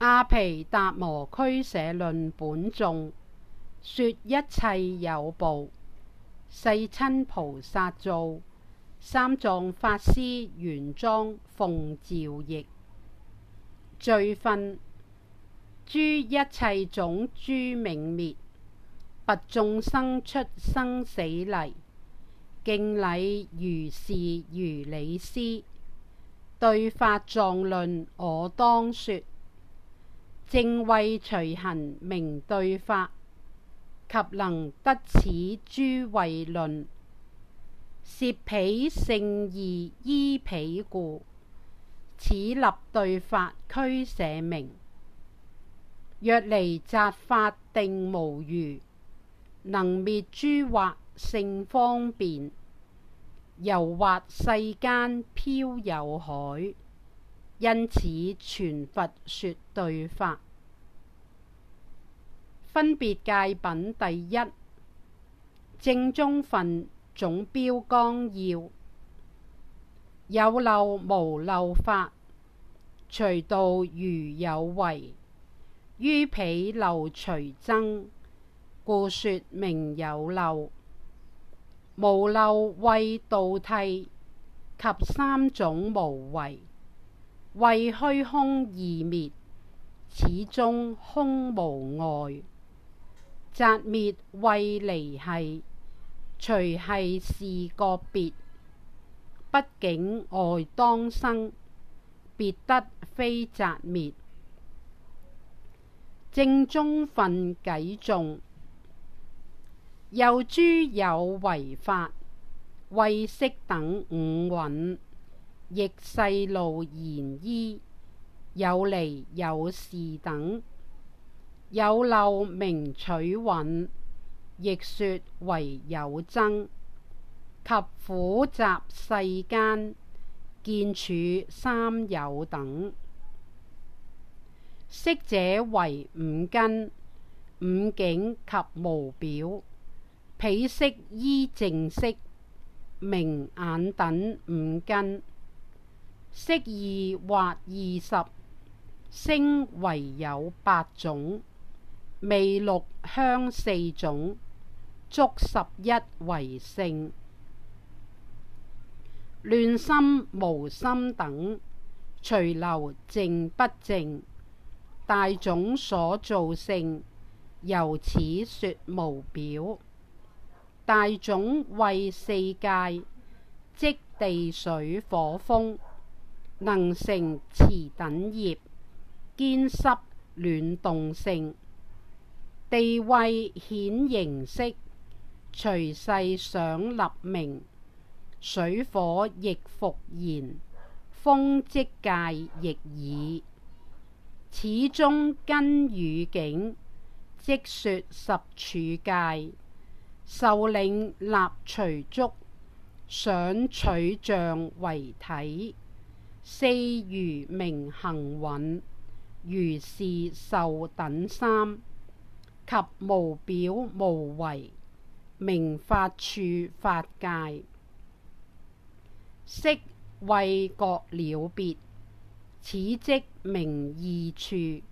阿皮達磨俱舍論本頌，說一切有部，世親菩薩造，三藏法師玄奘奉詔譯罪分諸一切種諸冥滅，拔眾生出生死泥，敬禮如是如理師，對法藏論我當說。淨慧隨行名對法，及能得此諸慧論，攝彼勝義依彼故，此立對法俱舍名。若離擇法定無餘，能滅諸惑勝方便，由惑世間漂有海。因此，傳佛說對法。分別界品第一，正宗分總標綱要，有漏無漏法，除道餘有為，於彼漏隨增故，說名有漏。無漏謂道諦及三種無為。謂虛空二滅，此中空無礙；擇滅謂離繫，隨繫事各別。畢竟礙當生，別得非擇滅。正宗分中分幾重？又諸有為法，謂色等五蘊。亦世路言依，有離有事等。有漏名取蘊，亦說為有諍，及苦集世間，見處三有等。色者唯五根，五境及無表，彼識依淨色，名眼等五根。色二或二十，聲唯有八種，味六香四種，觸十一為性。亂心無心等，隨流淨不淨，大種所造性，由此說無表。大種謂四界，即地水火風。能成持等業，堅濕暖動性，地謂顯形色，隨世想立名，水火亦復然，風即界亦爾。此中根與境，即說十處界，受領納隨觸，想取像為體。四餘名行蘊，如是受等三及無表無為，名法處法界，識謂各了別，此即名意處及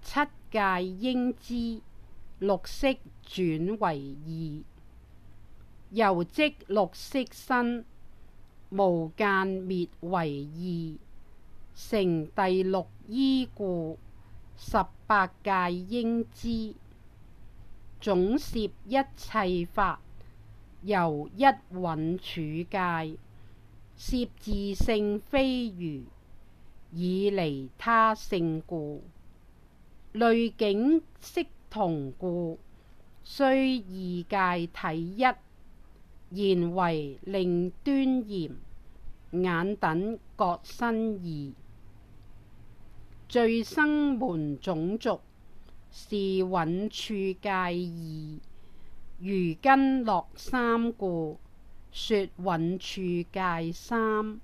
七界應知，六識轉為意，由即六識身。無間滅為意，成第六依故，十八界應知。總攝一切法，由一蘊處界，攝自性非餘，以離他性故，類境識同故，雖二界體一，然為令端嚴。眼等各生二，聚生門種族是蘊處界義，愚根樂三故，說蘊處界三，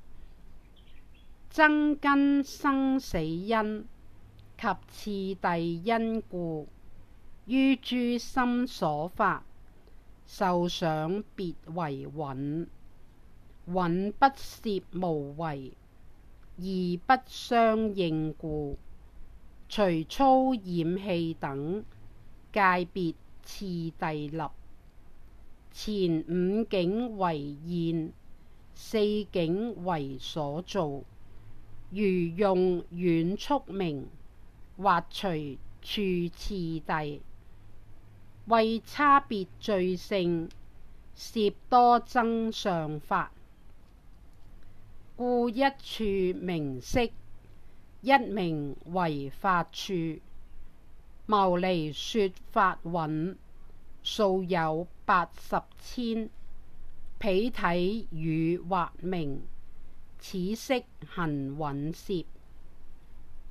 諍根生死因及次第因故，於諸心所法受想別為蘊。蘊不攝無為，義不相應故，隨麁染器等界別次第立，前五境為現，四境為所造，如用遠速明，或隨處次第，為差別最勝，攝多增上法。故一處名色，一名為法處，牟尼說法蘊，數有八十千。彼體語或名，此色行蘊攝。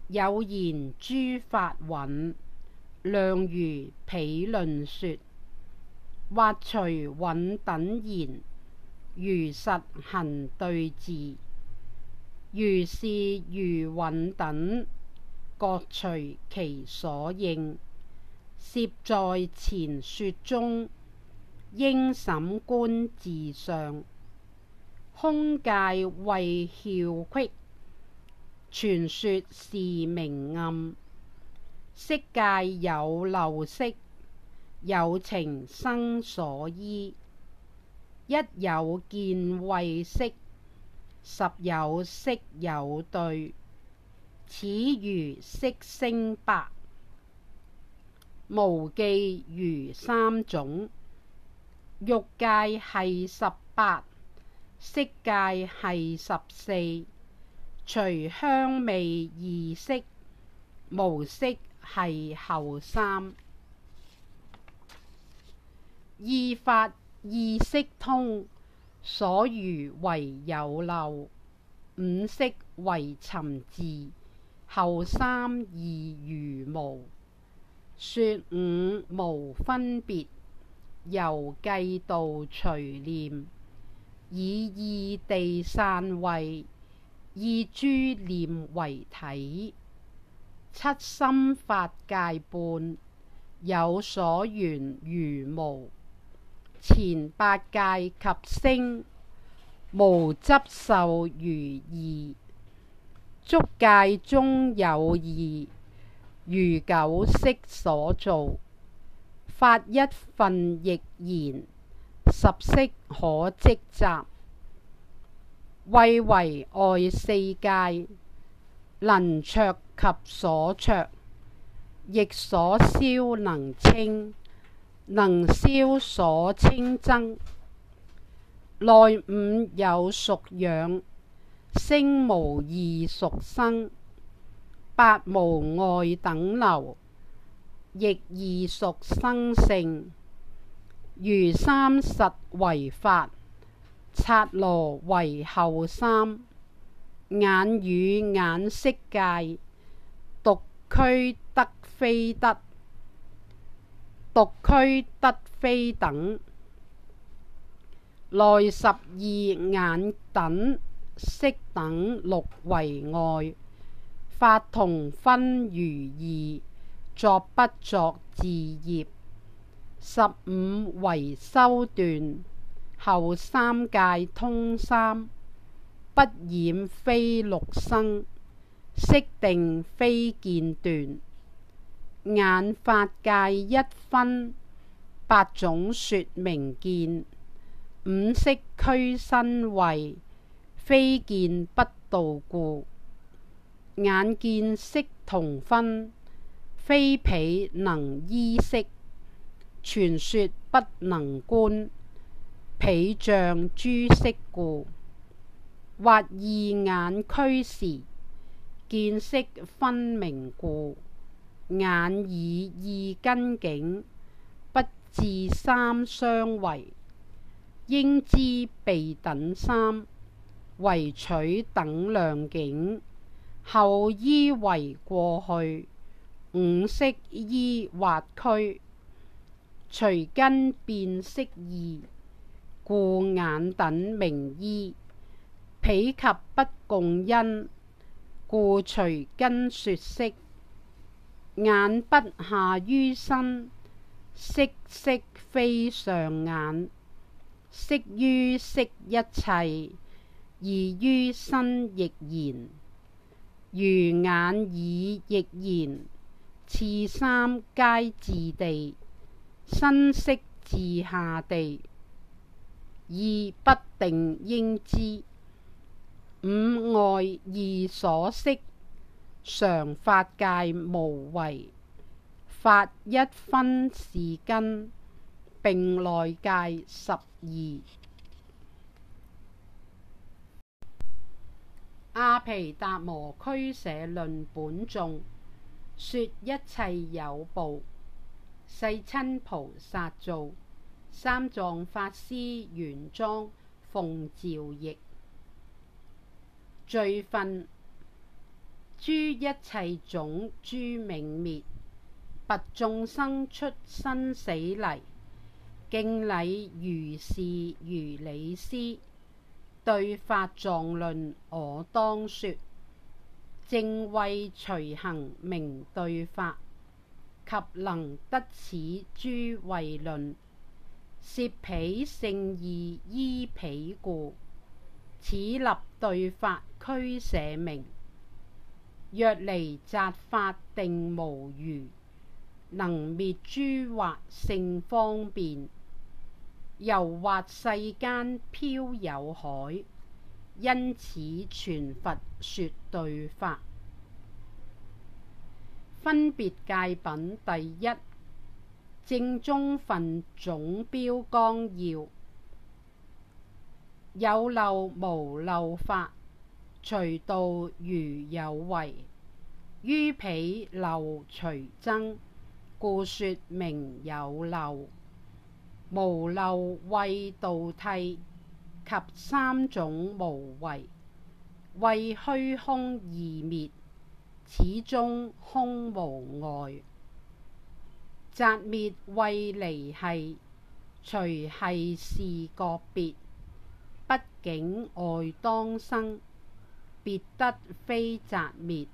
有言諸法蘊，量如彼論說，或隨蘊等言，如實行對治。如是餘蘊等，各隨其所應，攝在前說中。應審觀自相。空界謂竅隙，傳說是明暗，識界有漏識，有情生所依，一有見謂色。十有色有對，此餘色聲八，無記餘三種，欲界繫十八，色界繫十四，除香味二識，無色繫後三，意法意識通。所餘唯有漏，五識唯尋伺，後三二餘無，說五無分別，由計度隨念，以意地散慧，意諸念為體，七心法界半，有所緣餘無。前八界及聲無執受餘二，觸界中有二，餘九色所造，法一分亦然。十色可積集，謂唯外四界能斫及所斫，亦所燒能稱。能燒所稱諍，內五有熟養，聲無異熟生，八無礙等流，亦異熟生性。餘三實唯法，剎那唯後三，眼與眼識界，獨俱得非等。獨俱得非等，內十二眼等，色等六為外，法同分餘二，作不作自業。十五唯修斷，後三界通三，不染非六生，色定非見斷。眼法界一分八種，說名見五識俱生慧，非見不度故。眼見色同分，非彼能依識，傳說不能觀，被障諸色故。或二眼俱時，見色分明故。眼耳意根境不至三相違。應知鼻等三唯取等量境，後依唯過去五識依或俱隨根變識異，故眼等名依彼及不共因，故隨根說識。眼不下於身，色識非上眼，色於識一切，二於身亦然，如眼耳亦然，次三皆自地，身識自下地，意不定應知，五外二所識。常法界無為，法一分是根，並內界十二。阿毘達磨俱舍論本頌。說一切有部，世親菩薩造，三藏法師玄奘奉詔譯，罪分。諸一切種，諸冥滅，拔眾生出生死泥。敬禮如是如理師，對法藏論我當說，淨慧隨行名對法，及能得此諸慧論，攝彼勝義依彼故，此立對法俱舍名。若離擇法定無餘，能滅諸惑勝方便，由惑世間漂有海，因此傳佛說對法，分別界品第一，正宗分總標綱要，有漏無漏法。除道餘有為，於彼漏隨增，故說名有漏。無漏謂道諦及三種無為，謂虛空二滅，此中空無礙。擇滅謂離繫，隨繫事各別，畢竟礙當生。別得非擇滅，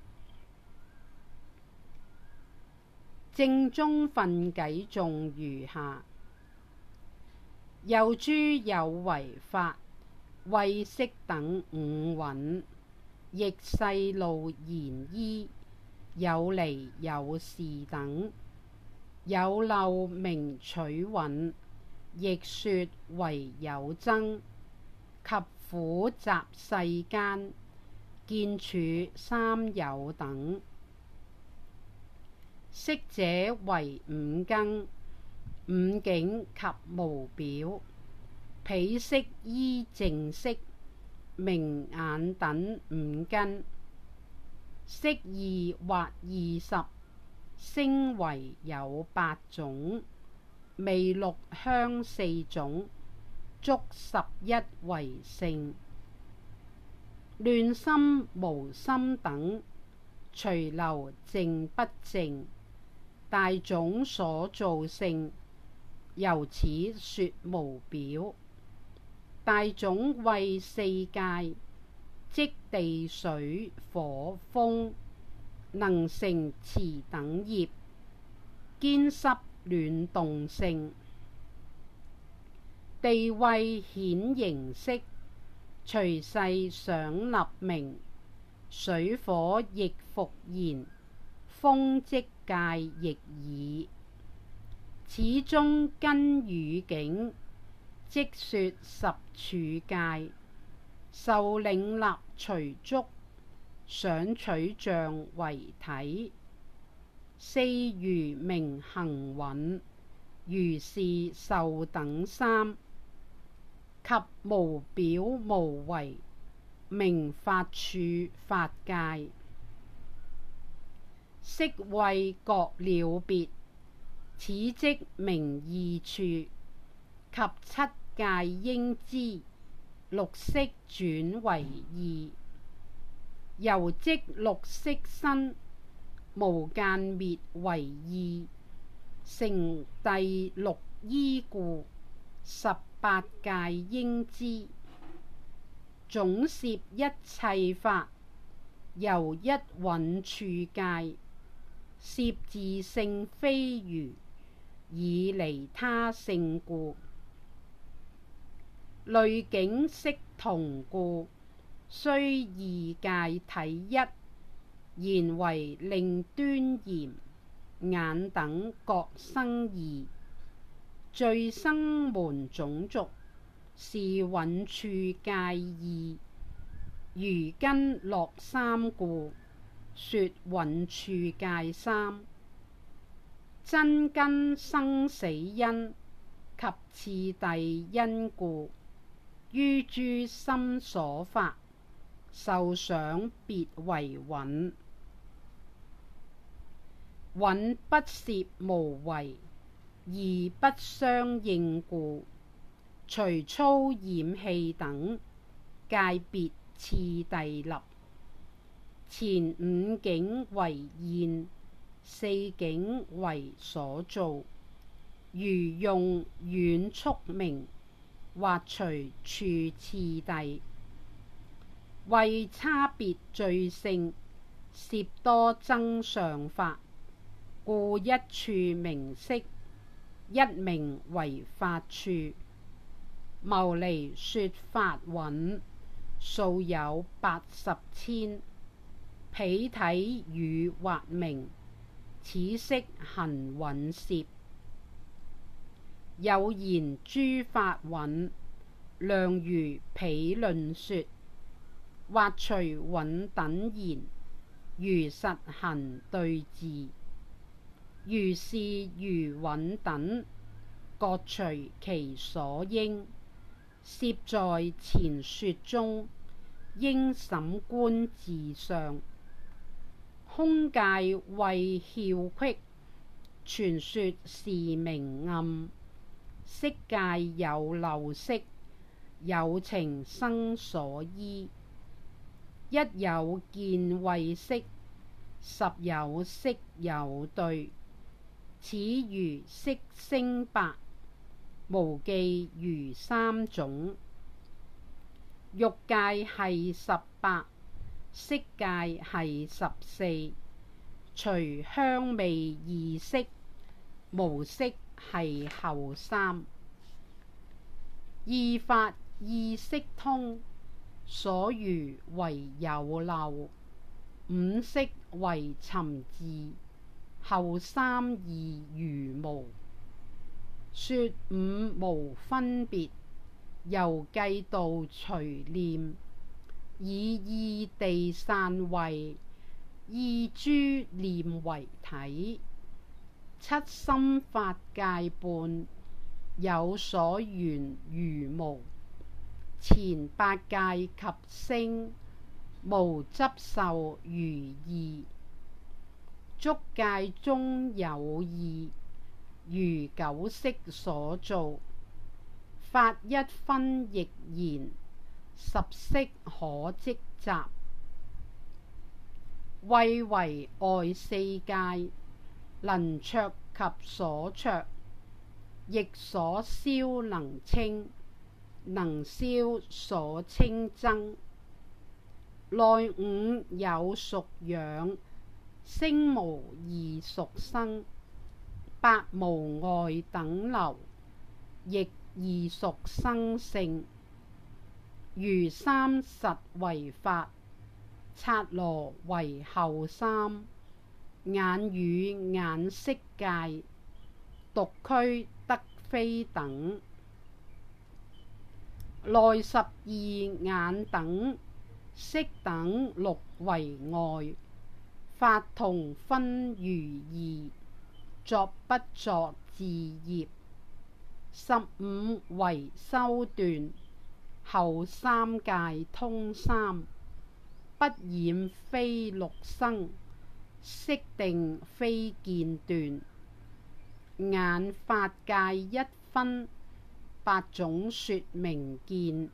正宗分偈頌如下，又諸有為法，謂色等五蘊，亦世路言依，有離有事等，有漏名取蘊，亦說為有諍，及苦集世間。見處三有等，色者唯五根、五境及無表，彼識依淨色，名眼等五根，色二或二十，聲唯有八種，味六香四種，觸十一為性。亂心無心等，隨流淨不淨，大種所造性，由此說無表。大種謂四界，即地水火風，能成持等業，堅濕暖動性。地謂顯形色。隨世想立名，水火亦復然，風即界亦爾。此中根與境，即說十處界。受領納隨觸，想取像為體。四餘名行蘊，如是受等三。及無表無為名法處法界，識謂各了別，此即名意處及七界應知。六識轉為意，由即六識身無間滅為意，成第六依故十。八界應知，總攝一切法，由一蘊處界攝自性非餘，以離他性故，類境識同故，雖二界體一，然為令端嚴，眼等各生二。聚生門，種族是蘊處界義，愚根樂三故，說蘊處界三，諍根生死因及次第因故，於諸心所法，受想別為蘊。蘊不攝無為。而不相應故，隨粗染器等界別次第立前五境為現，四境為所造。如用遠速明，或隨處次第，為差別最勝，攝多增上法，故一處名色。一名為法處，牟尼說法蘊，數有八十千，彼體語或名，此色行蘊攝。有言諸法蘊，量如彼論說，或隨蘊等言，如實行對治。如是如穩等，各隨其所應，攝在前說中，應審觀自上。空界為竅窟，傳說是明暗，色界有漏色，有情生所依，一有見為色，十有色有對。此餘色聲八，無記餘三種；欲界繫十八，色界繫十四，除香味二識，無色繫後三。意法意識通，所餘唯有漏，五識唯尋伺。後三二餘無，說五無分別，由計度隨念，以意地散慧，意諸念為體，七心法界半，有所緣餘無，前八界及聲無執受餘二。觸界中有二，餘九色所造，法一分亦然。十色可積集，謂唯外四界，能斫及所斫，亦所燒能稱，能燒所稱諍。內五有熟養。聲無異熟生，八無礙等流，亦異熟生性。餘三實唯法，剎那唯後三，眼與眼識界，獨俱得非等，內十二眼等色等六為外。法同分餘二，作不作自業。十五唯修斷，後三界通三，不染非六生，色定非見斷。眼法界一分，八種說名見，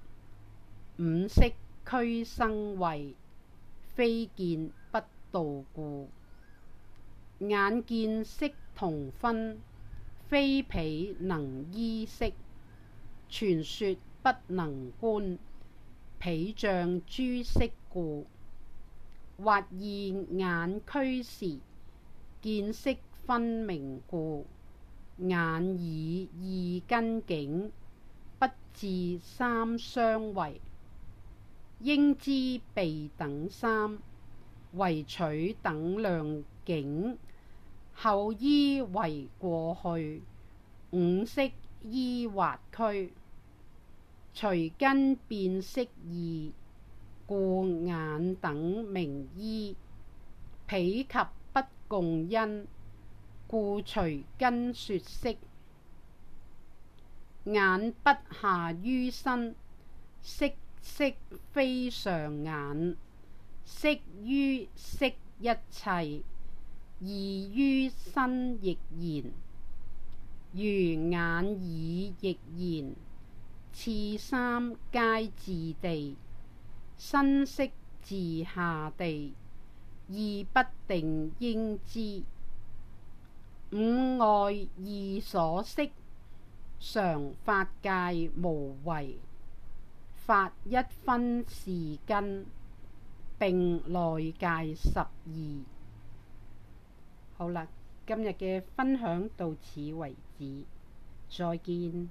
五識俱生為非見。道故眼見色同分，非彼能依識。傳說不能觀，被障諸色故。或二眼俱時，見色分明故。眼耳意根境，不至三相違，應知鼻等三。唯取等量境，後依唯過去，五識依或俱，隨根變識異，故眼等名依，彼及不共因，故隨根說識，眼不下於身，色識非上眼。色於識一切，二於身亦然，如眼耳亦然，次三皆自地，身識自下地，意不定應知。五外二所識，常法界無為，法一分是根。並內界十二，好啦，今日嘅分享到此為止，再見。